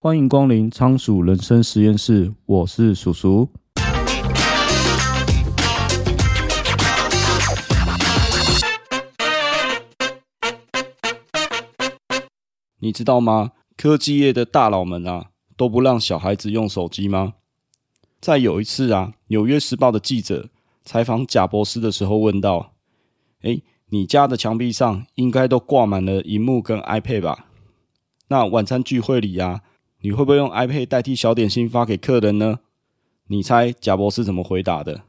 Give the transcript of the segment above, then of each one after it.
歡迎光臨倉鼠人生實驗室，我是鼠鼠。你知道嗎？科技業的大佬們啊，都不讓小孩子用手機嗎？在有一次啊，紐約時報的記者採訪賈博士的時候，問道：“誒你家的牆壁上應該都掛滿了螢幕跟 iPad 吧？那晚餐聚會裡啊？”你會不會用 iPad 代替小點心發給客人呢？你猜賈伯斯怎麼回答的？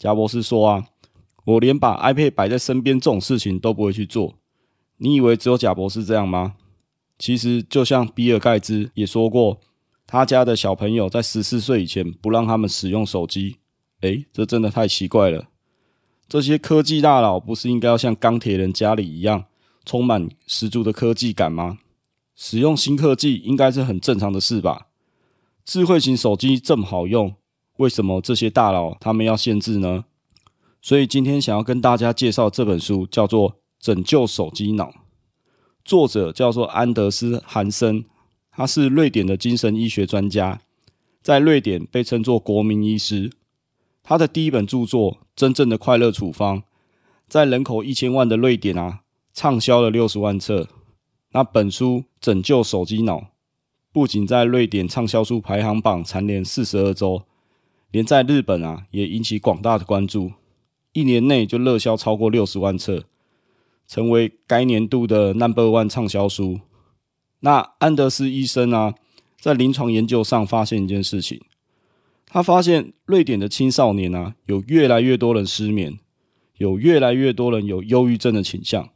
賈伯斯說：“啊，我連把 iPad 擺在身邊這種事情都不會去做。”你以為只有賈伯斯這樣嗎？其實，就像比爾蓋茨也說過，他家的小朋友在十四歲以前不讓他們使用手機。誒，這真的太奇怪了。這些科技大佬不是應該要像鋼鐵人家裡一樣，充滿十足的科技感嗎？使用新科技應該是很正常的事吧？智慧型手機這麼好用，為什麼這些大佬他們要限制呢？所以今天想要跟大家介紹這本書，叫做《拯救手機腦》，作者叫做安德斯·韓森，他是瑞典的精神醫學專家，在瑞典被稱作國民醫師。他的第一本著作《真正的快樂處方》在人口一千萬的瑞典啊，暢銷了六十萬冊。那本書《拯救手機腦》不僅在瑞典暢銷書排行榜蟬聯四十二周，連在日本啊也引起廣大的關注，一年內就熱銷超過六十萬冊，成為該年度的 Number One 暢銷書。那安德斯醫生啊，在臨床研究上發現一件事情，他發現瑞典的青少年啊，有越來越多人失眠，有越來越多人有憂鬱症的傾向。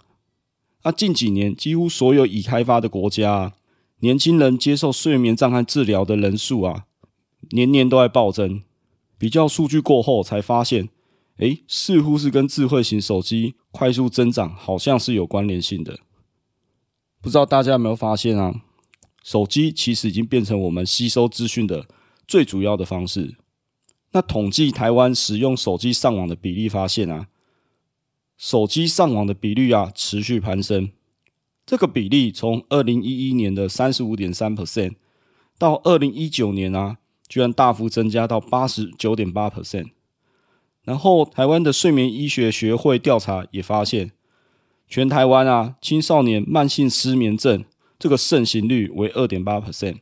那、啊、近幾年，幾乎所有已開發的國家，年輕人接受睡眠障礙治療的人數啊，年年都在暴增。比較數據過後，才發現，哎、欸，似乎是跟智慧型手機快速增長，好像是有關聯性的。不知道大家有沒有發現啊？手機其實已經變成我們吸收資訊的最主要的方式。那統計台灣使用手機上網的比例，發現啊。手機上網的比率啊，持續攀升。這個比例從二零一一年的三十五點三 percent 到二零一九年啊，居然大幅增加到八十九點八 percent。然後，台灣的睡眠醫學學會調查也發現，全台灣啊，青少年慢性失眠症這個盛行率為二點八 percent，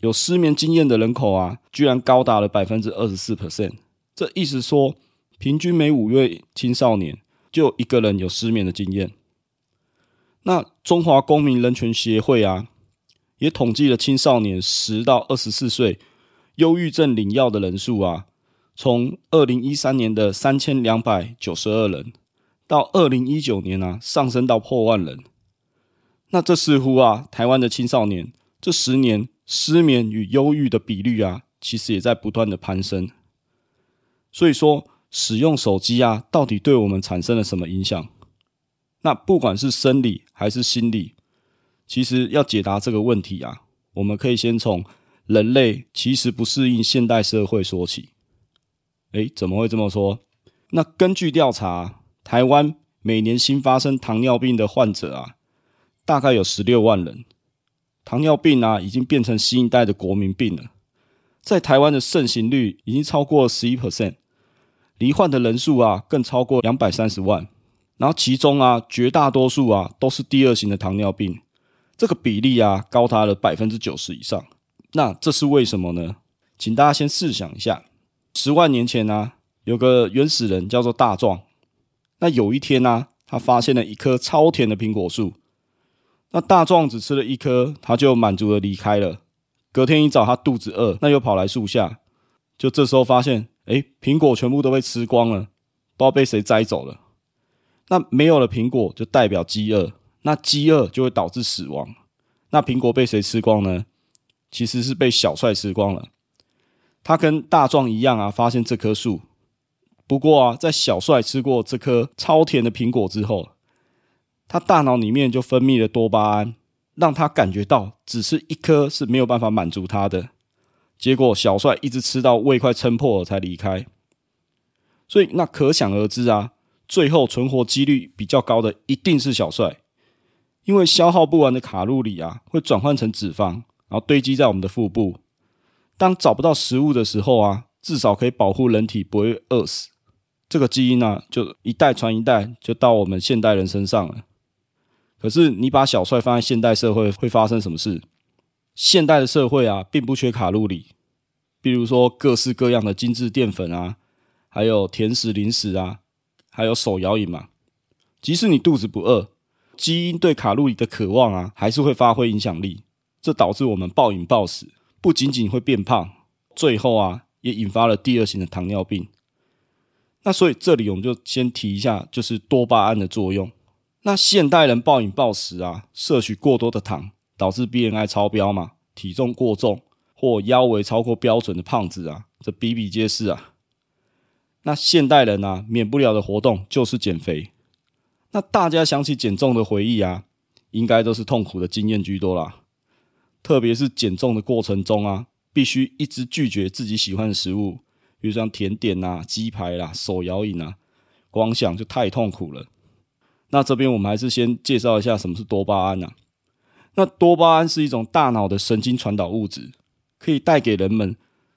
有失眠經驗的人口啊，居然高達了百分之二十四 percent。這意思說，平均每五位青少年。就一個人有失眠的經驗，那中華公民人權協會啊，也統計了青少年十到二十四歲憂鬱症領藥的人數啊，從二零一三年的三千兩百九十二人，到二零一九年啊，上升到破萬人。那這似乎啊，台灣的青少年這十年失眠與憂鬱的比率啊，其實也在不斷的攀升，所以說，使用手機啊，到底對我們產生了什麼影響？那不管是生理還是心理，其實要解答這個問題啊，我們可以先從人類其實不適應現代社會說起。誒，怎麼會這麼說？那根據調查，台灣每年新發生糖尿病的患者啊，大概有十六萬人。糖尿病啊，已經變成新一代的國民病了。在台灣的盛行率已經超過十一 percent。罹患的人數啊，更超過兩百三十萬，然後其中啊，絕大多數啊，都是第二型的糖尿病，這個比例啊高，高達了百分之九十以上。那這是為什麼呢？請大家先試想一下，十萬年前啊，有個原始人叫做大壯，那有一天呢、啊，他發現了一棵超甜的蘋果樹，那大壯只吃了一顆，他就滿足了離開了。隔天一早，他肚子餓，那又跑來樹下，就這時候發現。誒，蘋果全部都被吃光了，不知道被誰摘走了。那沒有了蘋果，就代表飢餓。那飢餓就會導致死亡。那蘋果被誰吃光呢？其實是被小帥吃光了。他跟大壯一樣啊，發現這棵樹。不過啊，在小帥吃過這顆超甜的蘋果之後，他大腦裡面就分泌了多巴胺，讓他感覺到只是一顆是沒有辦法滿足他的。結果小帥一直吃到胃快撐破了，才離開，所以那可想而知啊，最後存活幾率比較高的一定是小帥，因為消耗不完的卡路里啊，會轉換成脂肪，然後堆積在我們的腹部。當找不到食物的時候啊，至少可以保護人體不會餓死。這個基因呢、啊，就一代傳一代，就到我們現代人身上了。可是你把小帥放在現代社會，會發生什麼事？現代的社會啊，並不缺卡路里，比如說各式各樣的精緻澱粉啊，還有甜食、零食啊，還有手搖飲嘛、啊。即使你肚子不餓，基因對卡路里的渴望啊，還是會發揮影響力。這導致我們暴飲暴食，不僅僅會變胖，最後啊，也引發了第二型的糖尿病。那所以這裡我們就先提一下，就是多巴胺的作用。那現代人暴飲暴食啊，攝取過多的糖。導致 BMI 超標嘛，體重過重或腰圍超過標準的胖子啊，這比比皆是啊。那現代人啊，免不了的活動就是減肥。那大家想起減重的回憶啊，應該都是痛苦的經驗居多啦。特別是減重的過程中啊，必須一直拒絕自己喜歡的食物，比如像甜點啊、雞排啦、啊、手搖飲啊，光想就太痛苦了。那這邊我們還是先介紹一下什麼是多巴胺啊。那多巴胺是一種大腦的神經傳導物質，可以帶給人們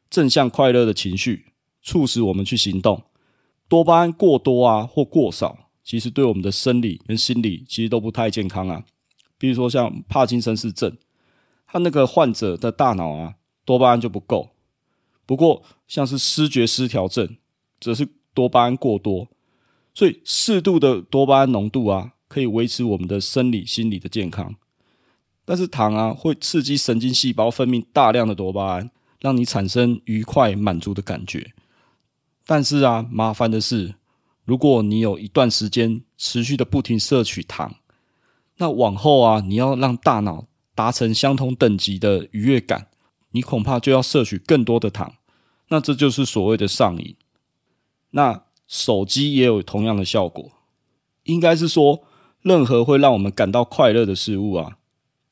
正向快樂的情緒，促使我們去行動。多巴胺過多啊，或過少，其實對我們的生理跟心理其實都不太健康啊。比如說像帕金森氏症，他那個患者的大腦啊，多巴胺就不夠。不過像是思覺失調症，則是多巴胺過多。所以適度的多巴胺濃度啊，可以維持我們的生理心理的健康。但是糖啊，會刺激神經細胞分泌大量的多巴胺，讓你產生愉快滿足的感覺。但是啊，麻煩的是，如果你有一段時間持續的不停攝取糖，那往後啊，你要讓大腦達成相同等級的愉悅感，你恐怕就要攝取更多的糖。那這就是所謂的上癮。那手機也有同樣的效果。應該是說，任何會讓我們感到快樂的事物啊。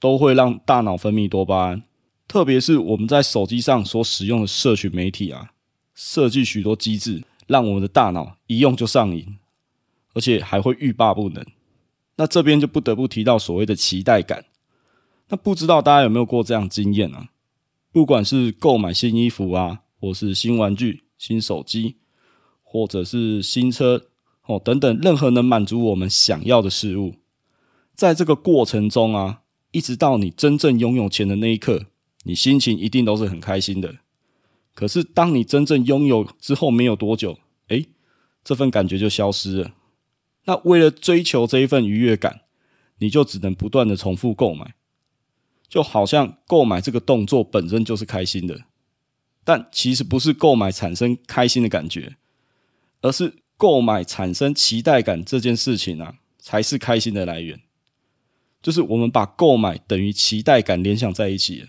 都會讓大腦分泌多巴胺，特別是我們在手機上所使用的社群媒體啊，設計許多機制，讓我們的大腦一用就上癮，而且還會欲罷不能。那這邊就不得不提到所謂的期待感。那不知道大家有沒有過這樣經驗啊？不管是購買新衣服啊，或是新玩具、新手機，或者是新車哦等等，任何能滿足我們想要的事物，在這個過程中啊。一直到你真正擁有錢的那一刻，你心情一定都是很開心的。可是，當你真正擁有之後沒有多久，誒，這份感覺就消失了。那為了追求這一份愉悅感，你就只能不斷的重複購買，就好像購買這個動作本身就是開心的。但其實不是購買產生開心的感覺，而是購買產生期待感這件事情啊，才是開心的來源。就是我們把購買等於期待感聯想在一起了，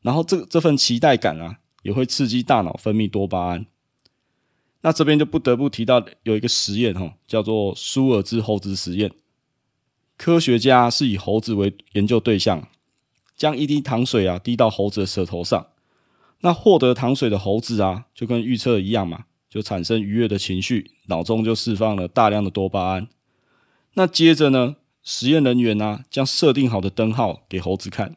然後這這份期待感啊，也會刺激大腦分泌多巴胺。那這邊就不得不提到有一個實驗齁，叫做舒爾茲猴子實驗。科學家是以猴子為研究對象，將一滴糖水啊滴到猴子的舌頭上，那獲得糖水的猴子啊，就跟預測一樣嘛，就產生愉悅的情緒，腦中就釋放了大量的多巴胺。那接着呢？實驗人員呢、啊，將設定好的燈號給猴子看。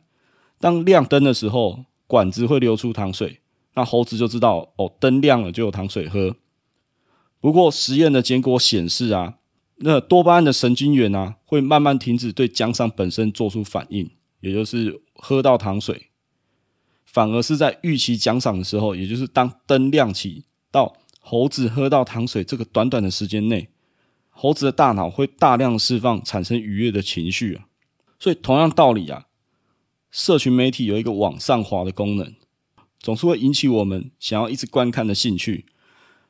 當亮燈的時候，管子會流出糖水，那猴子就知道哦，燈亮了就有糖水喝。不過實驗的結果顯示啊，那多巴胺的神經元啊，會慢慢停止對獎賞本身做出反應，也就是喝到糖水，反而是在預期獎賞的時候，也就是當燈亮起到猴子喝到糖水這個短短的時間內。猴子的大腦會大量釋放，產生愉悅的情緒啊！所以同樣道理啊，社群媒體有一個往上滑的功能，總是會引起我們想要一直觀看的興趣。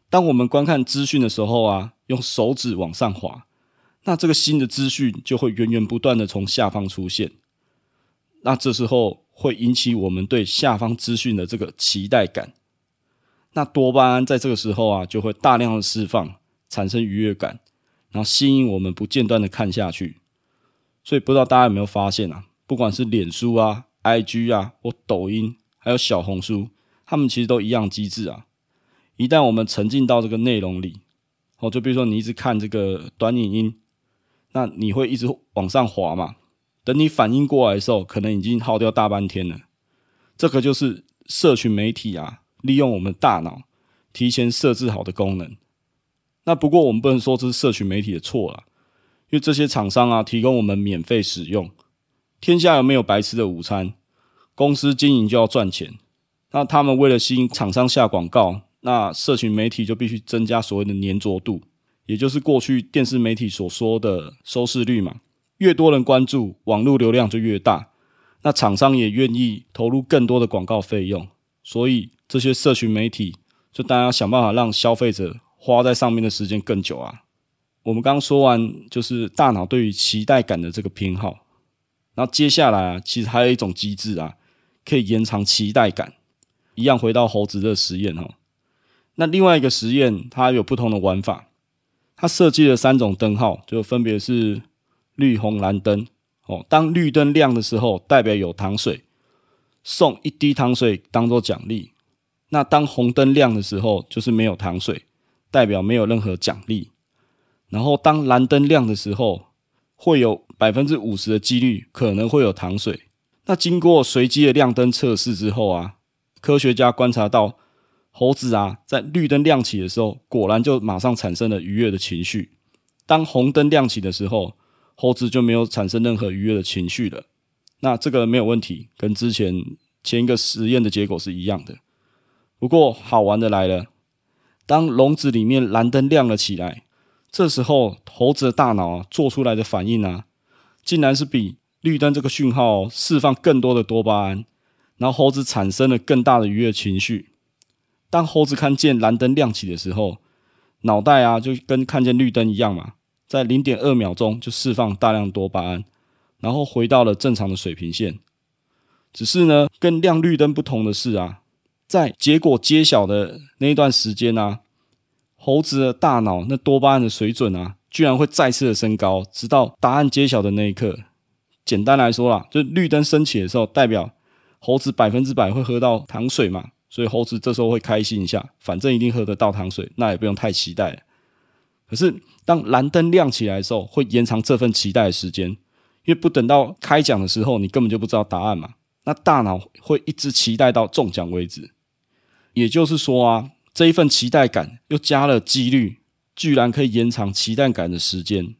當我們觀看資訊的時候啊，用手指往上滑，那這個新的資訊就會源源不斷的從下方出現。那這時候會引起我們對下方資訊的這個期待感。那多巴胺在這個時候啊，就會大量的釋放，產生愉悅感。然後吸引我們不間斷的看下去，所以不知道大家有沒有發現啊？不管是臉書啊、IG 啊，或抖音，還有小紅書，他們其實都一樣機制啊。一旦我們沉浸到這個內容裡，哦，就比如說你一直看這個短影音，那你會一直往上滑嘛？等你反應過來的時候，可能已經耗掉大半天了。這個就是社群媒體啊，利用我們大腦提前設置好的功能。那不過我們不能說這是社群媒體的錯啦，因為這些廠商啊提供我們免費使用，天下有沒有白吃的午餐？公司經營就要賺錢，那他們為了吸引廠商下廣告，那社群媒體就必須增加所謂的粘着度，也就是過去電視媒體所說的收視率嘛。越多人關注，網絡流量就越大，那廠商也願意投入更多的廣告費用，所以這些社群媒體就大家想辦法讓消費者。花在上面的時間更久啊！我們剛剛說完就是大腦對於期待感的這個偏好，然後接下來啊，其實還有一種機制啊，可以延長期待感。一樣回到猴子的實驗哦。那另外一個實驗它有不同的玩法，它設計了三種燈號，就分別是綠、紅、藍燈哦。當綠燈亮的時候，代表有糖水，送一滴糖水當做獎勵。那當紅燈亮的時候，就是沒有糖水，代表沒有任何獎勵，然後當藍燈亮的時候，會有百分之五十的幾率可能會有糖水。那經過隨機的亮燈測試之後啊，科學家觀察到猴子啊，在綠燈亮起的時候，果然就馬上產生了愉悅的情緒；當紅燈亮起的時候，猴子就沒有產生任何愉悅的情緒了。那這個沒有問題，跟之前前一個實驗的結果是一樣的。不過好玩的來了。當籠子裡面藍燈亮了起來，這時候猴子的大腦啊，做出來的反應呢啊，竟然是比綠燈這個訊號哦，釋放更多的多巴胺，然後猴子產生了更大的愉悅情緒。當猴子看見藍燈亮起的時候，腦袋啊就跟看見綠燈一樣嘛，在零點二秒鐘就釋放大量多巴胺，然後回到了正常的水平線。只是呢，跟亮綠燈不同的是啊。在結果揭曉的那一段時間呢，啊，猴子的大腦那多巴胺的水準啊，居然會再次的升高，直到答案揭曉的那一刻。簡單來說啦，就綠燈升起的時候，代表猴子百分之百會喝到糖水嘛，所以猴子這時候會開心一下，反正一定喝得到糖水，那也不用太期待了。可是當藍燈亮起來的時候，會延長這份期待的時間，因為不等到開獎的時候，你根本就不知道答案嘛，那大腦會一直期待到中獎為止。也就是說啊，這一份期待感又加了幾率，居然可以延長期待感的時間。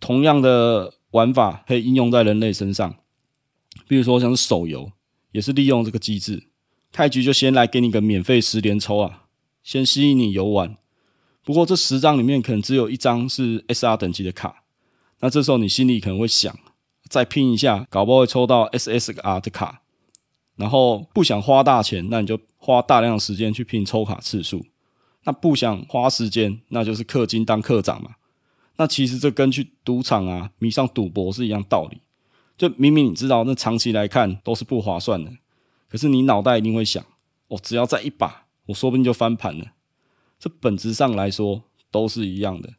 同樣的玩法可以應用在人類身上，比如說像是手遊，也是利用這個機制。開局就先來給你個免費十連抽啊，先吸引你遊玩。不過這十張裡面可能只有一張是 SR 等級的卡，那這時候你心裡可能會想，再拼一下，搞不好會抽到 SSR 的卡。然後不想花大錢，那你就花大量的時間去拼抽卡次數，那不想花時間，那就是氪金當課長嘛。那其實這跟去賭場啊、迷上賭博是一樣道理。就明明你知道，那長期來看都是不划算的，可是你腦袋一定會想：我、哦、只要再一把，我說不定就翻盤了。這本質上來說都是一樣的。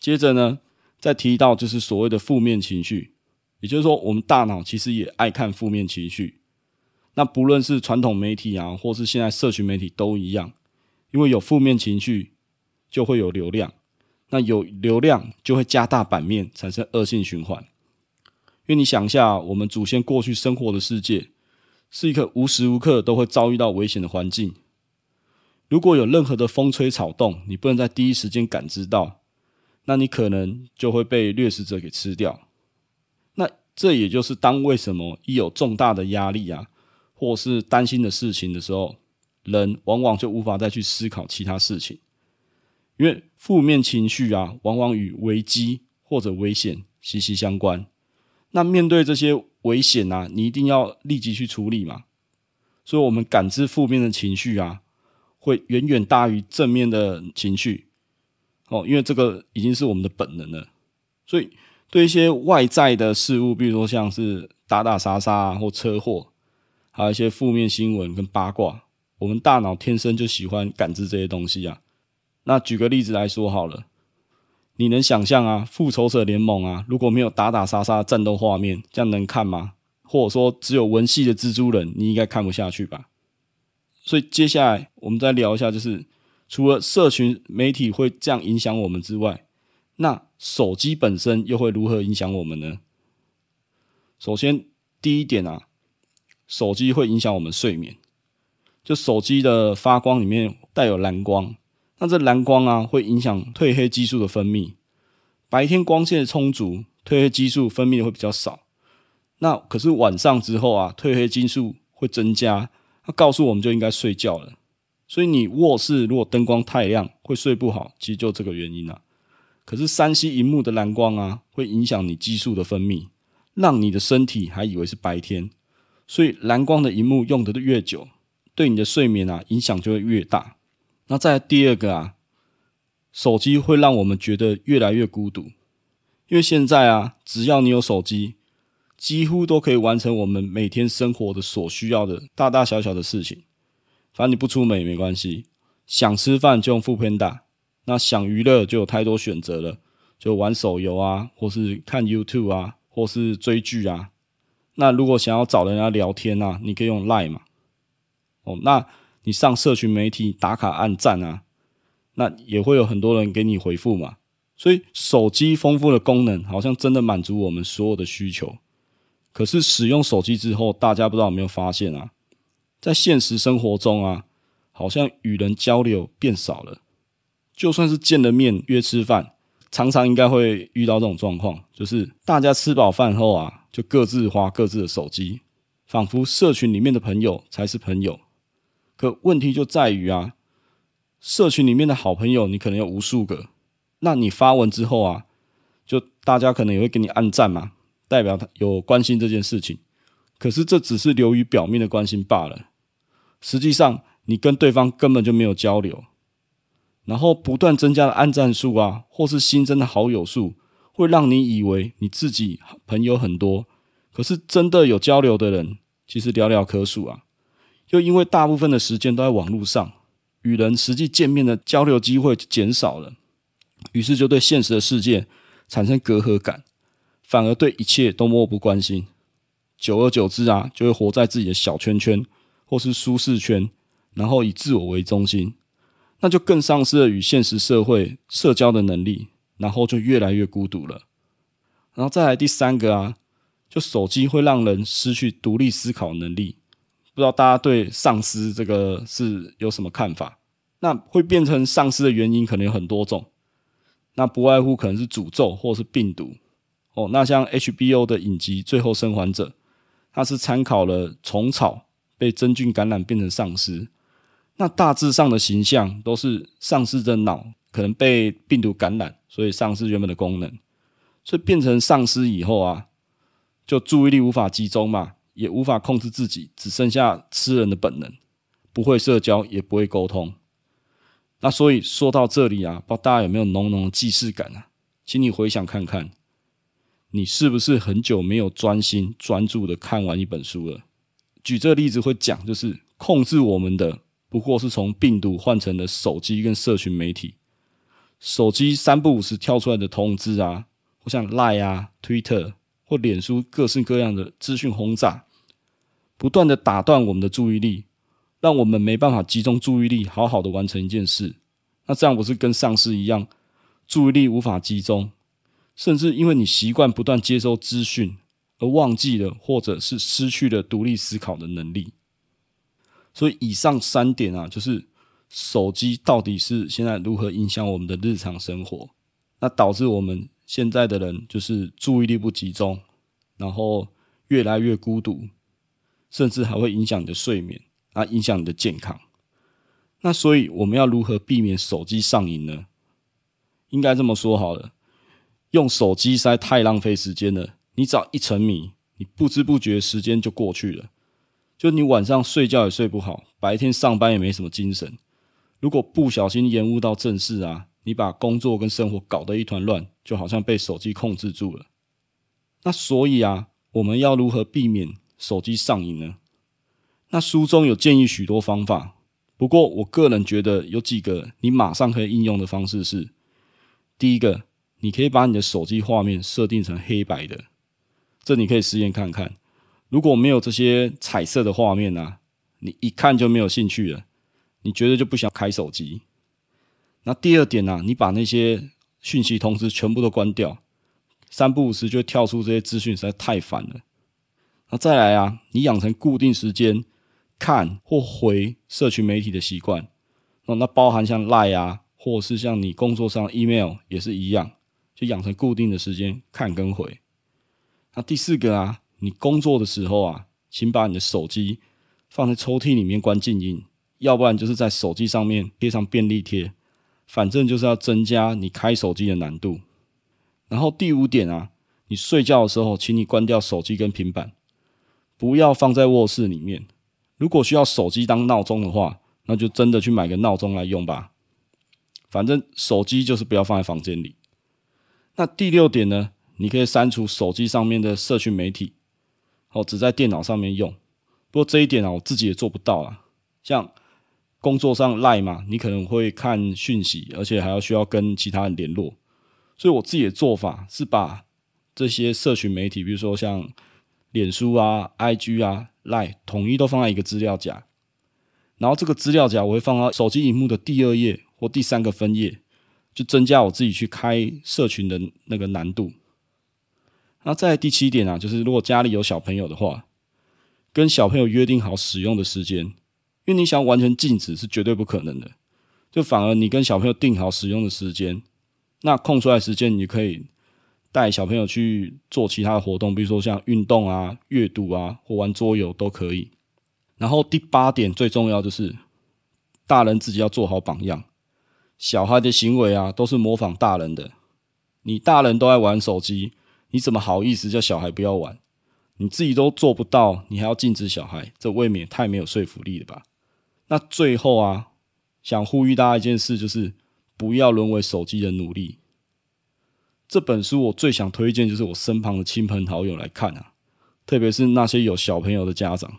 接着呢，再提到就是所謂的負面情緒，也就是說，我們大腦其實也愛看負面情緒。那不論是傳統媒體啊，或是現在社群媒體都一樣，因為有負面情緒就會有流量，那有流量就會加大版面，產生惡性循環。因為你想一下，我們祖先過去生活的世界是一個無時無刻都會遭遇到危險的環境，如果有任何的風吹草動，你不能在第一時間感知到，那你可能就會被掠食者給吃掉。那這也就是當為什麼一有重大的壓力啊。或是擔心的事情的時候，人往往就無法再去思考其他事情，因為負面情緒啊，往往與危機或者危險息息相關。那面對這些危險啊，你一定要立即去處理嘛。所以，我們感知負面的情緒啊，會遠遠大於正面的情緒。哦，因為這個已經是我們的本能了。所以，對一些外在的事物，比如說像是打打殺殺啊，或車禍。還有一些負面新聞跟八卦，我們大腦天生就喜歡感知這些東西啊。那舉個例子來說好了，你能想象啊，《復仇者聯盟》啊，如果沒有打打殺殺戰鬥畫面，這樣能看嗎？或者說，只有文戲的蜘蛛人，你應該看不下去吧？所以，接下來我們再聊一下，就是除了社群媒體會這樣影響我們之外，那手機本身又會如何影響我們呢？首先，第一點啊。手機會影響我們睡眠，就手機的發光裡面帶有藍光，那這藍光啊會影響褪黑激素的分泌。白天光線充足，褪黑激素分泌會比較少。那可是晚上之後啊，褪黑激素會增加，它告訴我們就應該睡覺了。所以你臥室如果燈光太亮，會睡不好，其實就這個原因啊。可是 3C 屏幕的藍光啊，會影響你激素的分泌，讓你的身體還以為是白天。所以藍光的熒幕用得越久，對你的睡眠啊影響就會越大。那再第二個啊，手機會讓我們覺得越來越孤獨，因為現在啊，只要你有手機，幾乎都可以完成我們每天生活的所需要的大大小小的事情。反正你不出門也沒關係，想吃飯就用 Foodpanda，那想娛樂就有太多選擇了，就玩手遊啊，或是看 YouTube 啊，或是追劇啊。那如果想要找人家聊天啊，你可以用賴嘛，哦，那你上社群媒體打卡按讚啊，那也會有很多人給你回覆嘛。所以手機豐富的功能好像真的滿足我們所有的需求。可是使用手機之後，大家不知道有沒有發現啊，在現實生活中啊，好像與人交流變少了。就算是見了面約吃飯，常常應該會遇到這種狀況，就是大家吃飽飯後啊。就各自花各自的手機，仿佛社群裡面的朋友才是朋友。可問題就在於啊，社群裡面的好朋友你可能有無數個，那你發文之後啊，就大家可能也會給你按讚嘛，代表他有關心這件事情。可是這只是流於表面的關心罷了，實際上你跟對方根本就沒有交流。然後不斷增加的按讚數啊，或是新增的好友數。會讓你以為你自己朋友很多，可是真的有交流的人其實寥寥可數啊。又因為大部分的時間都在網絡上，與人實際見面的交流機會減少了，於是就對現實的世界產生隔閡感，反而對一切都漠不關心。久而久之啊，就會活在自己的小圈圈或是舒適圈，然後以自我為中心，那就更喪失了與現實社會社交的能力。然後就越來越孤獨了。然後再來第三個啊，就手機會讓人失去獨立思考能力。不知道大家對喪屍這個是有什麼看法？那會變成喪屍的原因可能有很多種。那不外乎可能是詛咒或是病毒哦。那像 HBO 的影集《最後生還者》，它是參考了蟲草被真菌感染變成喪屍。那大致上的形象都是喪屍的腦可能被病毒感染。所以喪失原本的功能，所以變成喪屍以後啊，就注意力無法集中嘛，也無法控制自己，只剩下吃人的本能，不會社交，也不會溝通。那所以說到這裡啊，不知道大家有沒有濃濃的既視感啊？請你回想看看，你是不是很久沒有專心專注的看完一本書了？舉這個例子會講，就是控制我們的，不過是從病毒換成了手機跟社群媒體。手機三不五時跳出來的通知啊，或像 Line 啊、Twitter 或臉書各式各樣的資訊轟炸，不斷的打斷我們的注意力，讓我們沒辦法集中注意力，好好的完成一件事。那這樣不是跟喪屍一樣，注意力無法集中，甚至因為你習慣不斷接收資訊而忘記了，或者是失去了獨立思考的能力。所以以上三點啊，就是。手機到底是現在如何影響我們的日常生活？那導致我們現在的人就是注意力不集中，然後越來越孤獨，甚至還會影響你的睡眠啊，影響你的健康。那所以我們要如何避免手機上癮呢？應該這麼說好了，用手機實在太浪費時間了。你只要一沉迷，你不知不覺時間就過去了，就你晚上睡覺也睡不好，白天上班也沒什麼精神。如果不小心延誤到正事啊，你把工作跟生活搞得一團亂，就好像被手機控制住了。那所以啊，我們要如何避免手機上癮呢？那書中有建議許多方法，不過我個人覺得有幾個你馬上可以應用的方式是：第一個，你可以把你的手機畫面設定成黑白的，這你可以實驗看看。如果沒有這些彩色的畫面呢、啊，你一看就沒有興趣了。你絕對就不想開手機。那第二點呢啊，你把那些訊息通知全部都關掉，三不五時就會跳出這些資訊，實在太煩了。那再來啊，你養成固定時間看或回社群媒體的習慣。那那包含像 Line 啊，或是像你工作上 Email 也是一樣，就養成固定的時間看跟回。那第四個啊，你工作的時候啊，請把你的手機放在抽屜裡面，關靜音。要不然就是在手機上面貼上便利貼，反正就是要增加你開手機的難度。然後第五點啊，你睡覺的時候，請你關掉手機跟平板，不要放在臥室裡面。如果需要手機當鬧鐘的話，那就真的去買個鬧鐘來用吧。反正手機就是不要放在房間裡。那第六點呢，你可以刪除手機上面的社群媒體，哦，只在電腦上面用。不過這一點啊，我自己也做不到啊。像工作上 LINE 嘛，你可能會看訊息，而且還要需要跟其他人聯絡，所以我自己的做法是把這些社群媒體，比如說像臉書啊、IG 啊、LINE，統一都放在一個資料夾，然後這個資料夾我會放到手機螢幕的第二頁或第三個分頁，就增加我自己去開社群的那個難度。那在第七點啊，就是如果家裡有小朋友的話，跟小朋友約定好使用的時間。因為你想完全禁止是絕對不可能的，就反而你跟小朋友定好使用的時間，那空出來時間你可以帶小朋友去做其他的活動，比如說像運動啊、閱讀啊或玩桌遊都可以。然後第八點最重要就是，大人自己要做好榜樣，小孩的行為啊都是模仿大人的。你大人都愛玩手機，你怎麼好意思叫小孩不要玩？你自己都做不到，你還要禁止小孩，這未免太沒有說服力了吧？那最後啊，想呼籲大家一件事，就是不要淪為手機的奴隸。這本書我最想推薦，就是我身旁的親朋好友來看啊，特別是那些有小朋友的家長，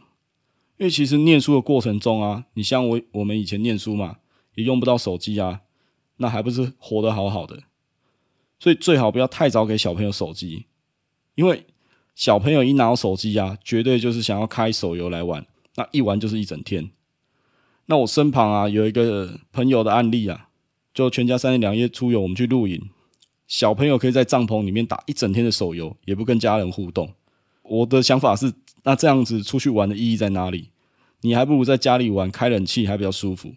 因為其實念書的過程中啊，你像我我們以前念書嘛，也用不到手機啊，那還不是活得好好的？所以最好不要太早給小朋友手機，因為小朋友一拿到手機啊，絕對就是想要開手遊來玩，那一玩就是一整天。那我身旁啊有一個朋友的案例啊，就全家三天兩夜出遊，我們去露營，小朋友可以在帳篷裡面打一整天的手遊，也不跟家人互動。我的想法是，那這樣子出去玩的意義在哪裡？你還不如在家裡玩，開冷氣還比較舒服。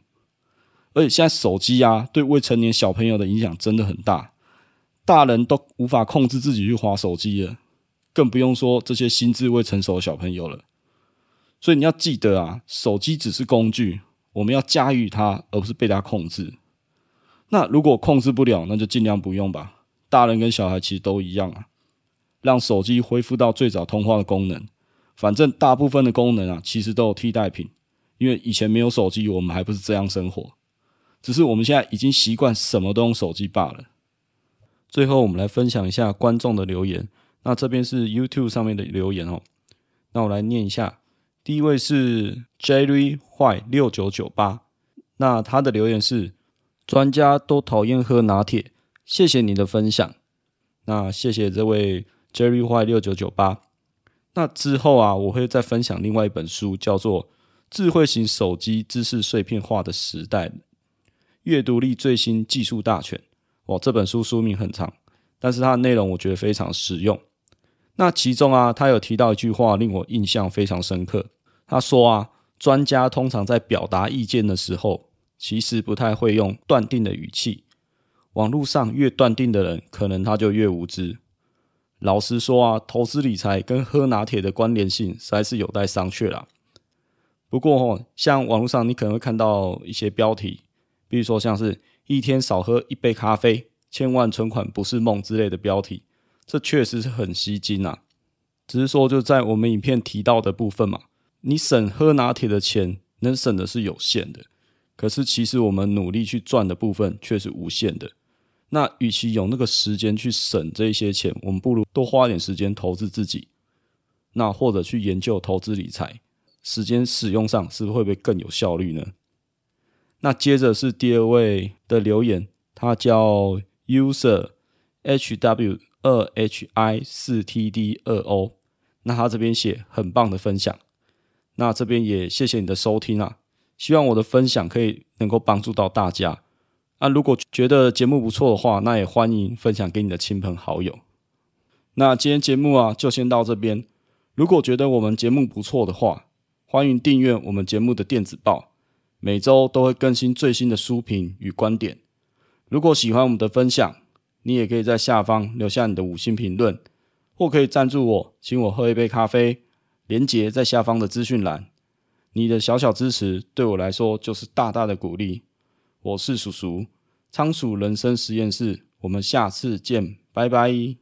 而且現在手機啊，對未成年小朋友的影響真的很大，大人都無法控制自己去滑手機了，更不用說這些心智未成熟的小朋友了。所以你要記得啊，手機只是工具。我們要駕馭它，而不是被它控制。那如果控制不了，那就儘量不用吧。大人跟小孩其實都一樣啊。讓手機恢復到最早通話的功能，反正大部分的功能啊，其實都有替代品。因為以前沒有手機，我們還不是這樣生活，只是我們現在已經習慣什麼都用手機罷了。最後，我們來分享一下觀眾的留言。那這邊是 YouTube 上面的留言哦。那我來念一下。第一位是 Jerry White 六九九八，那他的留言是，專家都討厭喝拿鐵。謝謝你的分享。那謝謝這位 Jerry White 六九九八。那之後啊，我會再分享另外一本書，叫做《智慧型手機知識碎片化的時代：閱讀力最新技術大全》。哇，這本書書名很長，但是它的內容我覺得非常實用。那其中啊，他有提到一句話，令我印象非常深刻。他說啊，專家通常在表達意見的時候，其實不太會用斷定的語氣。網絡上越斷定的人，可能他就越無知。老實說啊，投資理財跟喝拿鐵的關聯性實在是有待商榷啦。不過哦，像網絡上你可能會看到一些標題，比如說像是“一天少喝一杯咖啡，千萬存款不是夢”之類的標題，這確實是很吸睛啊。只是說就在我們影片提到的部分嘛。你省喝拿鐵的錢，能省的是有限的，可是其實我們努力去賺的部分卻是無限的。那與其有那個時間去省這些錢，我們不如多花點時間投資自己。那或者去研究投資理財，時間使用上是不是會不會更有效率呢？那接着是第二位的留言，他叫 User HW2HI4TD2O，那他這邊寫很棒的分享。那這邊也謝謝你的收聽啊，希望我的分享可以能夠幫助到大家。啊，那如果覺得節目不錯的話，那也歡迎分享給你的親朋好友。那今天節目啊就先到這邊。如果覺得我們節目不錯的話，歡迎訂閱我們節目的電子報，每周都會更新最新的書評與觀點。如果喜歡我們的分享，你也可以在下方留下你的五星評論，或可以贊助我，請我喝一杯咖啡。連結在下方的資訊欄，你的小小支持對我來說就是大大的鼓勵。我是叔叔，倉鼠人生實驗室，我們下次見，拜拜。